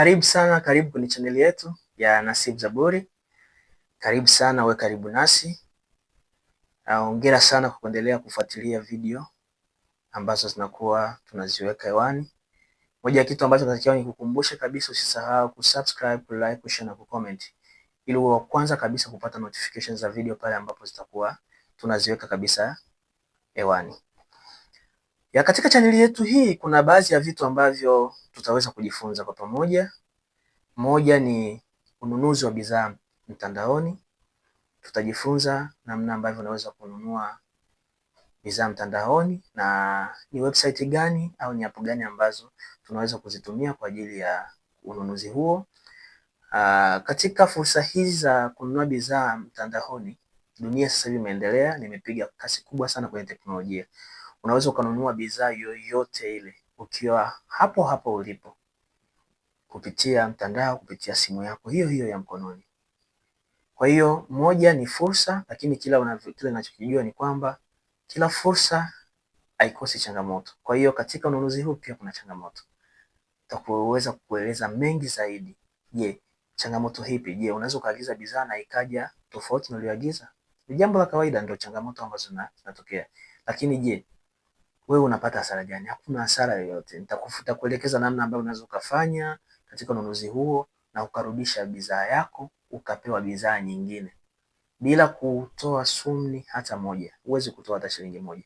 Karibu sana, karibu kwenye chaneli yetu ya nasib Zaburi. Karibu sana, we karibu nasi. Hongera sana kwa kuendelea kufuatilia video ambazo zinakuwa tunaziweka hewani. Moja ya kitu ambacho natakiwa ni kukumbusha kabisa, usisahau kusubscribe, kulike, kushare na kucomment ili uwe wa kwanza kabisa kupata notifications za video pale ambapo zitakuwa tunaziweka kabisa hewani ya katika chaneli yetu hii kuna baadhi ya vitu ambavyo tutaweza kujifunza kwa pamoja. Moja ni ununuzi wa bidhaa mtandaoni. Tutajifunza namna ambavyo unaweza kununua bidhaa mtandaoni na ni website gani au ni app gani ambazo tunaweza kuzitumia kwa ajili ya ununuzi huo. Aa, ah, katika fursa hizi za kununua bidhaa mtandaoni, dunia sasa hivi imeendelea, nimepiga kasi kubwa sana kwenye teknolojia. Unaweza ukanunua bidhaa yoyote ile ukiwa hapo hapo ulipo kupitia mtandao, kupitia simu yako hiyo hiyo ya mkononi. Kwa hiyo moja ni fursa, lakini kila kile unachokijua ni kwamba kila fursa haikosi changamoto. Kwa hiyo katika ununuzi huu pia kuna changamoto, tutakuweza kueleza mengi zaidi. Je, changamoto hipi? Je, unaweza ukaagiza bidhaa na ikaja tofauti na uliyoagiza? Ni jambo la kawaida, ndio changamoto ambazo zinatokea, lakini je wewe unapata hasara gani? Hakuna hasara yoyote. Nitakufuta kuelekeza namna ambayo unaweza ukafanya katika ununuzi huo na ukarudisha bidhaa yako ukapewa bidhaa nyingine bila kutoa sumni hata moja. Huwezi kutoa hata shilingi moja.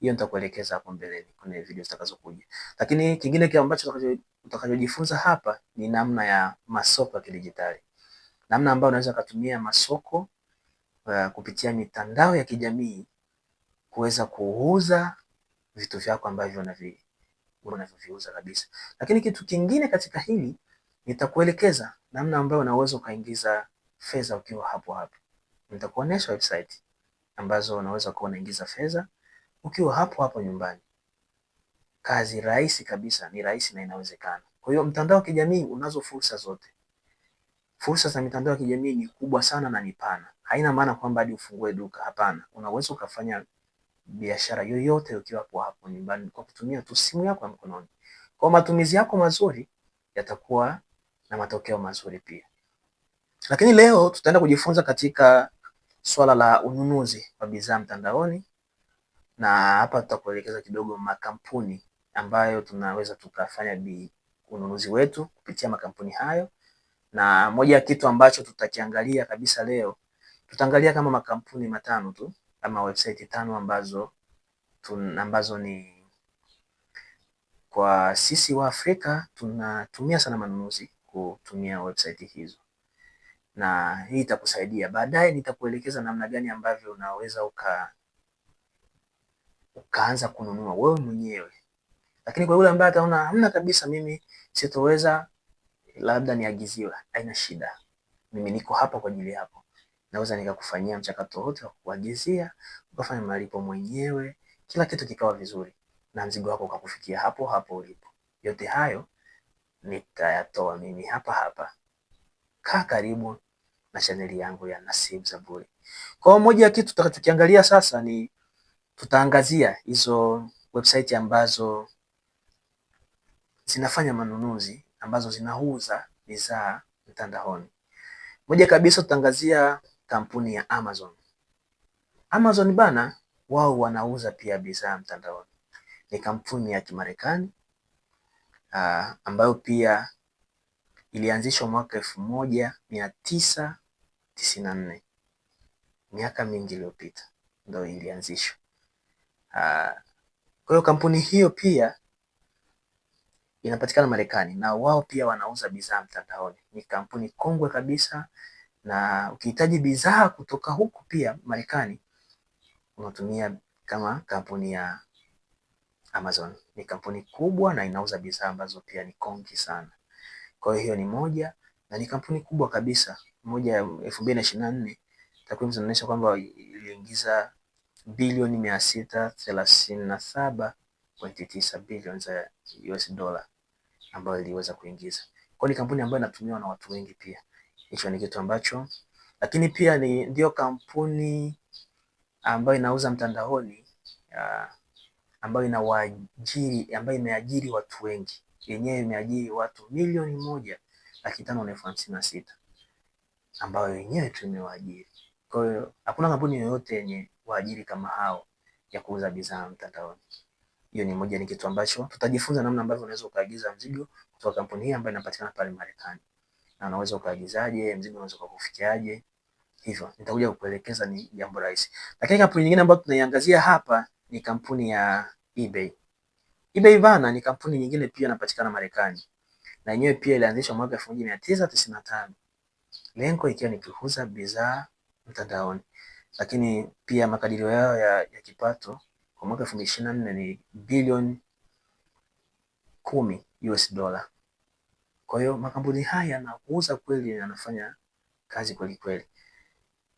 Hiyo nitakuelekeza hapo mbeleni kwenye video zitakazokuja. Lakini kingine kile ambacho utakachojifunza hapa ni namna ya masoko ya kidijitali, namna ambayo unaweza kutumia masoko uh, kupitia mitandao ya kijamii kuweza kuuza vitu vyako ambavyo unavyoviuza kabisa. Lakini kitu kingine katika hili nitakuelekeza namna ambayo unaweza ukaingiza fedha ukiwa hapo hapo. Nitakuonesha website ambazo unaweza kuwa unaingiza fedha ukiwa hapo hapo nyumbani. Kazi rahisi kabisa, ni rahisi na inawezekana. Kwa hiyo mtandao wa kijamii unazo fursa zote. Fursa za mitandao ya kijamii ni kubwa sana na ni pana. Haina maana kwamba hadi ufungue duka, hapana. Unaweza ukafanya biashara yoyote ukiwa kwa hapo nyumbani kwa kutumia tu simu yako ya mkononi. Kwa matumizi yako mazuri yatakuwa na matokeo mazuri pia. Lakini leo tutaenda kujifunza katika swala la ununuzi wa bidhaa mtandaoni, na hapa tutakuelekeza kidogo makampuni ambayo tunaweza tukafanya ununuzi wetu kupitia makampuni hayo, na moja ya kitu ambacho tutakiangalia kabisa leo tutaangalia kama makampuni matano tu ama website tano ambazo tun, ambazo ni kwa sisi wa Afrika tunatumia sana manunuzi kutumia website hizo, na hii itakusaidia baadaye. Nitakuelekeza namna gani ambavyo unaweza uka ukaanza kununua wewe mwenyewe, lakini kwa yule ambaye ataona hamna kabisa, mimi sitoweza labda niagiziwe, haina shida, mimi niko hapa kwa ajili yako naweza nikakufanyia mchakato wote wa kuagizia, ukafanya malipo mwenyewe, kila kitu kikawa vizuri na mzigo wako ukakufikia hapo hapo ulipo. Yote hayo nitayatoa mimi hapa hapa. Kaa karibu na chaneli yangu ya Nasib Zaburi. Kwa moja ya kitu tutakachokiangalia sasa ni tutaangazia hizo website ambazo zinafanya manunuzi ambazo zinauza bidhaa mtandaoni. Moja kabisa tutaangazia kampuni ya Amazon. Amazon bana, wao wanauza pia bidhaa mtandaoni, ni kampuni ya Kimarekani uh, ambayo pia ilianzishwa mwaka elfu moja mia tisa tisini na nne miaka mingi iliyopita ndo ilianzishwa. Uh, kwa hiyo kampuni hiyo pia inapatikana Marekani na wao pia wanauza bidhaa mtandaoni, ni kampuni kongwe kabisa na ukihitaji bidhaa kutoka huku pia Marekani unatumia kama kampuni ya Amazon. Ni kampuni kubwa na inauza bidhaa ambazo pia ni konki sana. Kwa hiyo ni moja na ni kampuni kubwa kabisa, moja ya elfu mbili na ishirini na nne takwimu zinaonyesha kwamba iliingiza bilioni mia sita thelathini na saba pointi tisa bilioni za US dola ambayo iliweza kuingiza. Kwa ni kampuni ambayo inatumiwa na watu wengi pia. Hicho ni kitu ambacho, lakini pia ni ndio kampuni ambayo inauza mtandaoni uh, ambayo inawaajiri ambayo imeajiri watu wengi, yenyewe imeajiri watu milioni moja laki tano na elfu hamsini na sita ambayo yenyewe tu imewaajiri. Kwa hiyo hakuna kampuni yoyote yenye waajiri kama hao ya kuuza bidhaa mtandaoni. Hiyo ni moja, ni kitu ambacho tutajifunza namna ambavyo unaweza ukaagiza mzigo kutoka kampuni hii ambayo inapatikana pale Marekani na unaweza ukaagizaje, mzigo unaweza ukakufikiaje. Hivyo nitakuja kukuelekeza, ni jambo rahisi. Lakini kampuni nyingine ambayo tunaiangazia hapa ni kampuni ya eBay. eBay bana ni kampuni nyingine pia inapatikana Marekani na yenyewe pia ilianzishwa mwaka 1995 lengo ikiwa ni kuuza bidhaa mtandaoni, lakini pia makadirio yao ya, ya kipato kwa mwaka 2024 ni bilioni kumi US dollar. Kwa hiyo makampuni haya yanakuuza kweli yanafanya kazi kweli kweli.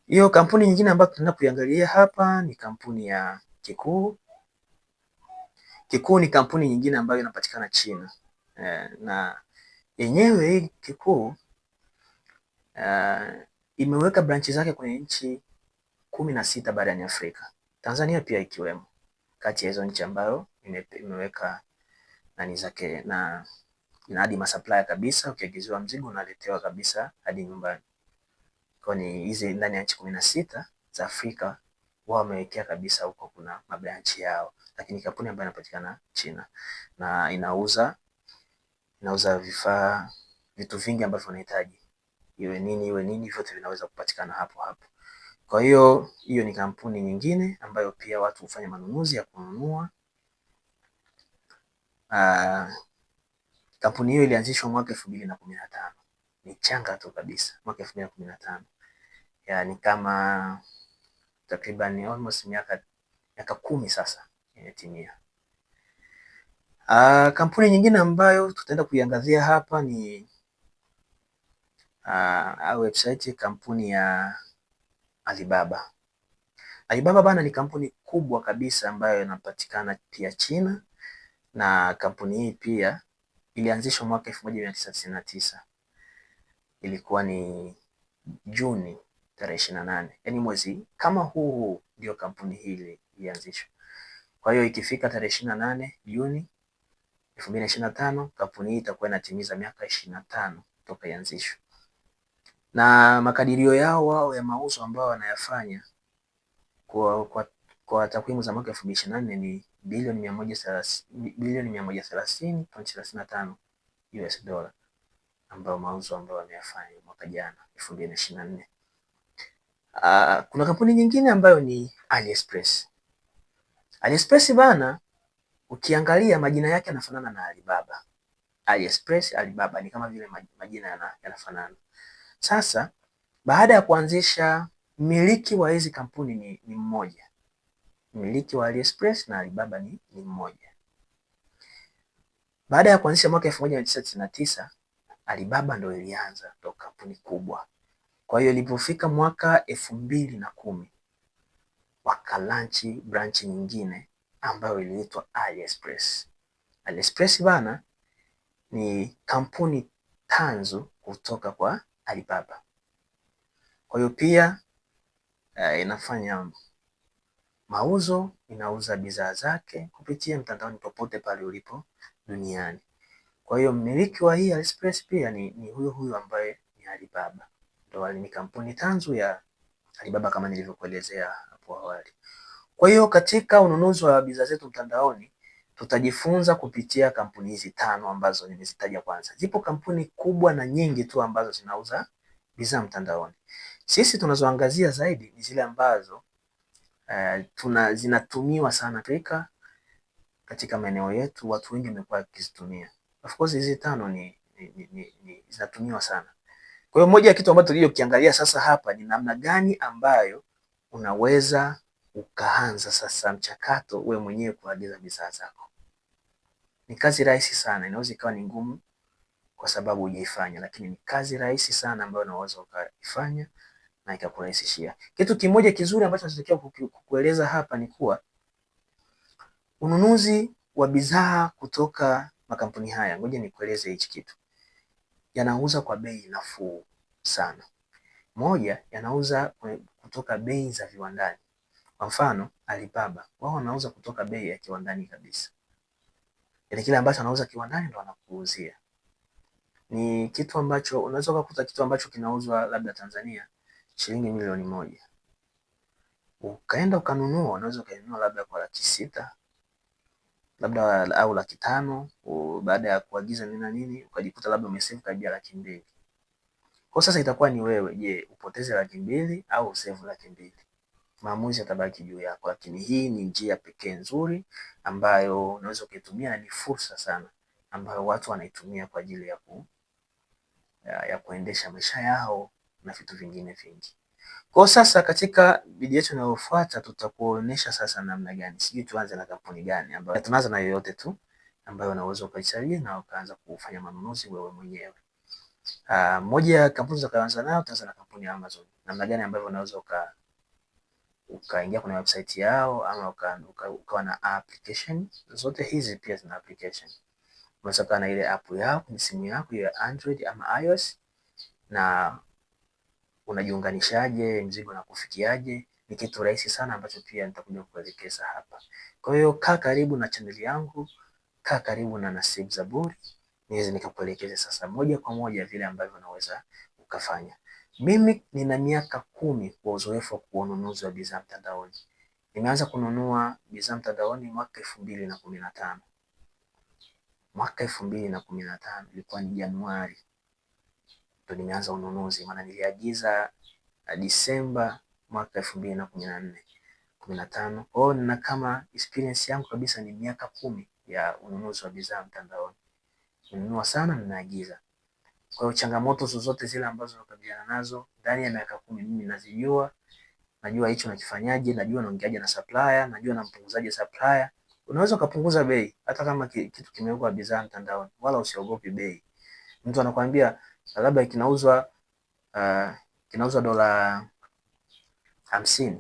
Hiyo kampuni nyingine ambayo tunaenda kuiangalia hapa ni kampuni ya Kikuu. Kikuu ni kampuni nyingine ambayo inapatikana China e, na yenyewe hii Kikuu uh, imeweka branchi zake kwenye nchi kumi na sita barani Afrika, Tanzania pia ikiwemo kati ya hizo nchi ambayo imeweka nani zake na na hadi masupply kabisa, ukiagiziwa mzigo unaletewa kabisa hadi nyumbani. Kwa ni hizi ndani ya nchi kumi na sita za Afrika wao wamewekea kabisa huko kuna mabranchi yao, lakini kampuni ambayo inapatikana China na inauza inauza vifaa vitu vingi ambavyo unahitaji, iwe nini iwe nini, vyote vinaweza kupatikana hapo hapo. Kwa hiyo hiyo ni kampuni nyingine ambayo pia watu hufanya manunuzi ya kununua uh, Kampuni hiyo ilianzishwa mwaka elfu mbili na kumi na tano ni changa tu kabisa, mwaka elfu mbili na kumi na tano yani kama takriban almost miaka miaka kumi sasa imetimia. Uh, kampuni nyingine ambayo tutaenda kuiangazia hapa ni uh, website kampuni ya Alibaba. Alibaba bana ni kampuni kubwa kabisa ambayo inapatikana pia China na kampuni hii pia ilianzishwa mwaka elfu moja mia tisa tisini na tisa ilikuwa ni Juni tarehe ishirini na nane yaani mwezi kama huu huu ndio kampuni hii ilianzishwa. Kwa hiyo ikifika tarehe ishirini na nane Juni elfu mbili na ishirini na tano kampuni hii itakuwa inatimiza miaka ishirini na tano toka ianzishwe, na makadirio yao wao ya mauzo ambayo wanayafanya kwa, kwa, kwa takwimu za mwaka elfu mbili ishirini na nne ni bilioni mia moja thelathini bilioni mia moja thelathini thelathini na tano US ambayo mauzo ambayo wameyafanya mwaka jana elfu mbili na na nne. Uh, kuna kampuni nyingine ambayo ni AliExpress. AliExpress bana, ukiangalia majina yake yanafanana na Alibaba. AliExpress, Alibaba ni kama vile majina yanafanana. Sasa baada ya kuanzisha, mmiliki wa hizi kampuni ni, ni mmoja Mmiliki wa AliExpress na Alibaba ni, ni mmoja. Baada ya kuanzisha mwaka 1999 Alibaba ndio ilianza ndio kampuni kubwa. Kwa hiyo ilipofika mwaka elfu mbili na kumi wakalanchi branchi nyingine ambayo iliitwa AliExpress. AliExpress bana ni kampuni tanzu kutoka kwa Alibaba. Kwa hiyo pia uh, inafanya Mauzo inauza bidhaa zake kupitia mtandaoni popote pale ulipo duniani. Kwa hiyo mmiliki wa hii AliExpress pia ni, ni huyo huyo ambaye ni Alibaba. Ndio ni kampuni tanzu ya Alibaba kama nilivyokuelezea hapo awali. Kwa hiyo katika ununuzi wa bidhaa zetu mtandaoni tutajifunza kupitia kampuni hizi tano ambazo nimezitaja kwanza. Zipo kampuni kubwa na nyingi tu ambazo zinauza bidhaa mtandaoni. Sisi tunazoangazia zaidi ni zile ambazo Eh, tuna zinatumiwa sana Afrika katika maeneo yetu, watu wengi wamekuwa wakizitumia. Of course hizi tano ni, ni, ni, ni zinatumiwa sana. Kwa hiyo moja ya kitu ambacho tulichokiangalia sasa hapa ni namna gani ambayo unaweza ukaanza sasa mchakato we mwenyewe kuagiza bidhaa zako. Ni kazi rahisi sana, inaweza ikawa ni ngumu kwa sababu hujaifanya, lakini ni kazi rahisi sana ambayo unaweza ukaifanya na ikakurahisishia. Kitu kimoja kizuri ambacho natakiwa kukueleza hapa ni kuwa ununuzi wa bidhaa kutoka makampuni haya, ngoja nikueleze hichi kitu, yanauza kwa bei nafuu sana. Moja, yanauza kutoka bei za viwandani. Kwa mfano, Alibaba wao wanauza kutoka bei ya kiwandani kabisa, yaani kile ambacho anauza kiwandani ndo anakuuzia. Ni kitu ambacho unaweza kukuta kitu ambacho kinauzwa labda Tanzania shilingi milioni moja ukaenda ukanunua, unaweza ukainunua labda kwa laki sita labda au laki tano baada ya kuagiza nini na nini, ukajikuta labda umesave karibia laki mbili kwa sasa. Itakuwa ni wewe, je, upoteze laki mbili au usave laki mbili? Maamuzi yatabaki juu yako, lakini hii ni njia pekee nzuri ambayo unaweza ukaitumia na ni fursa sana ambayo watu wanaitumia kwa ajili ya, ku, ya, ya kuendesha maisha yao na vitu vingine vingi. Kwa sasa katika video yetu inayofuata tutakuonesha sasa namna gani, sijui tuanze na kampuni gani ambayo tunaanza na yoyote tu ambayo unaweza ukaichagua na ukaanza kufanya manunuzi wewe mwenyewe. Uh, moja ya kampuni za utakayoanza nayo tutaanza na kampuni ya Amazon. Namna gani ambavyo unaweza uka ukaingia kwenye website yao ama ukawa uka, uka na application zote hizi, pia zina application. Unaweza ukawa na ile app yao kwenye simu yako ya Android ama iOS na unajiunganishaje, mzigo unakufikiaje, ni kitu rahisi sana ambacho pia nitakuja kuelekeza hapa. Kwa hiyo kaa karibu na chaneli yangu, kaa karibu na Nasibu Zaburi niweze nikakuelekeze sasa moja kwa moja vile ambavyo unaweza ukafanya. Mimi nina miaka kumi kwa uzoefu wa ununuzi wa bidhaa mtandaoni. Nimeanza kununua bidhaa mtandaoni mwaka elfu mbili na kumi na tano mwaka elfu mbili na kumi na tano ilikuwa ni Januari ndo nimeanza ununuzi, maana niliagiza uh, Disemba mwaka elfu mbili na kumi na nne kumi na tano. Kwa hiyo nina kama experience yangu kabisa ni miaka kumi ya ununuzi wa bidhaa mtandaoni, ninunua sana, ninaagiza. Kwa hiyo changamoto zozote zile ambazo nakabiliana nazo ndani ya miaka kumi mimi nazijua, najua hicho nakifanyaje, najua naongeaje na supplier, najua nampunguzaje supplier. Unaweza ukapunguza bei hata kama kitu kimewekwa bidhaa mtandaoni, wala usiogopi bei. Mtu anakuambia labda kinauzwa uh, kinauzwa dola hamsini,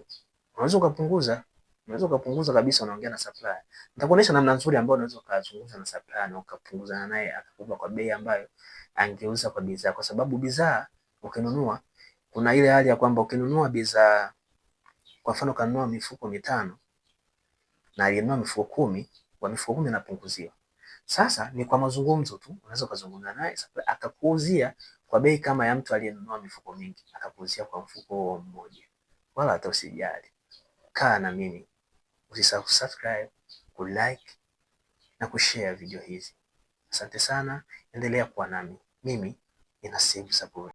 unaweza ukapunguza, unaweza ukapunguza kabisa. Unaongea na supplier, nitakuonesha namna nzuri ambayo unaweza ukazungumza na supplier na ukapunguza naye akakupa kwa bei ambayo angeuza kwa bidhaa, kwa sababu bidhaa ukinunua, kuna ile hali ya kwamba ukinunua bidhaa, kwa mfano kanunua mifuko mitano na alinunua mifuko kumi, kwa mifuko kumi anapunguziwa sasa ni kwa mazungumzo tu, unaweza ukazungumza naye akakuuzia kwa bei kama ya mtu aliyenunua mifuko mingi, akakuuzia kwa mfuko mmoja, wala hata usijali. Kaa na mimi, usisahau kusubscribe, kulike na kushare video hizi. Asante sana, endelea kuwa nami. Mimi ina sehemu Saburi.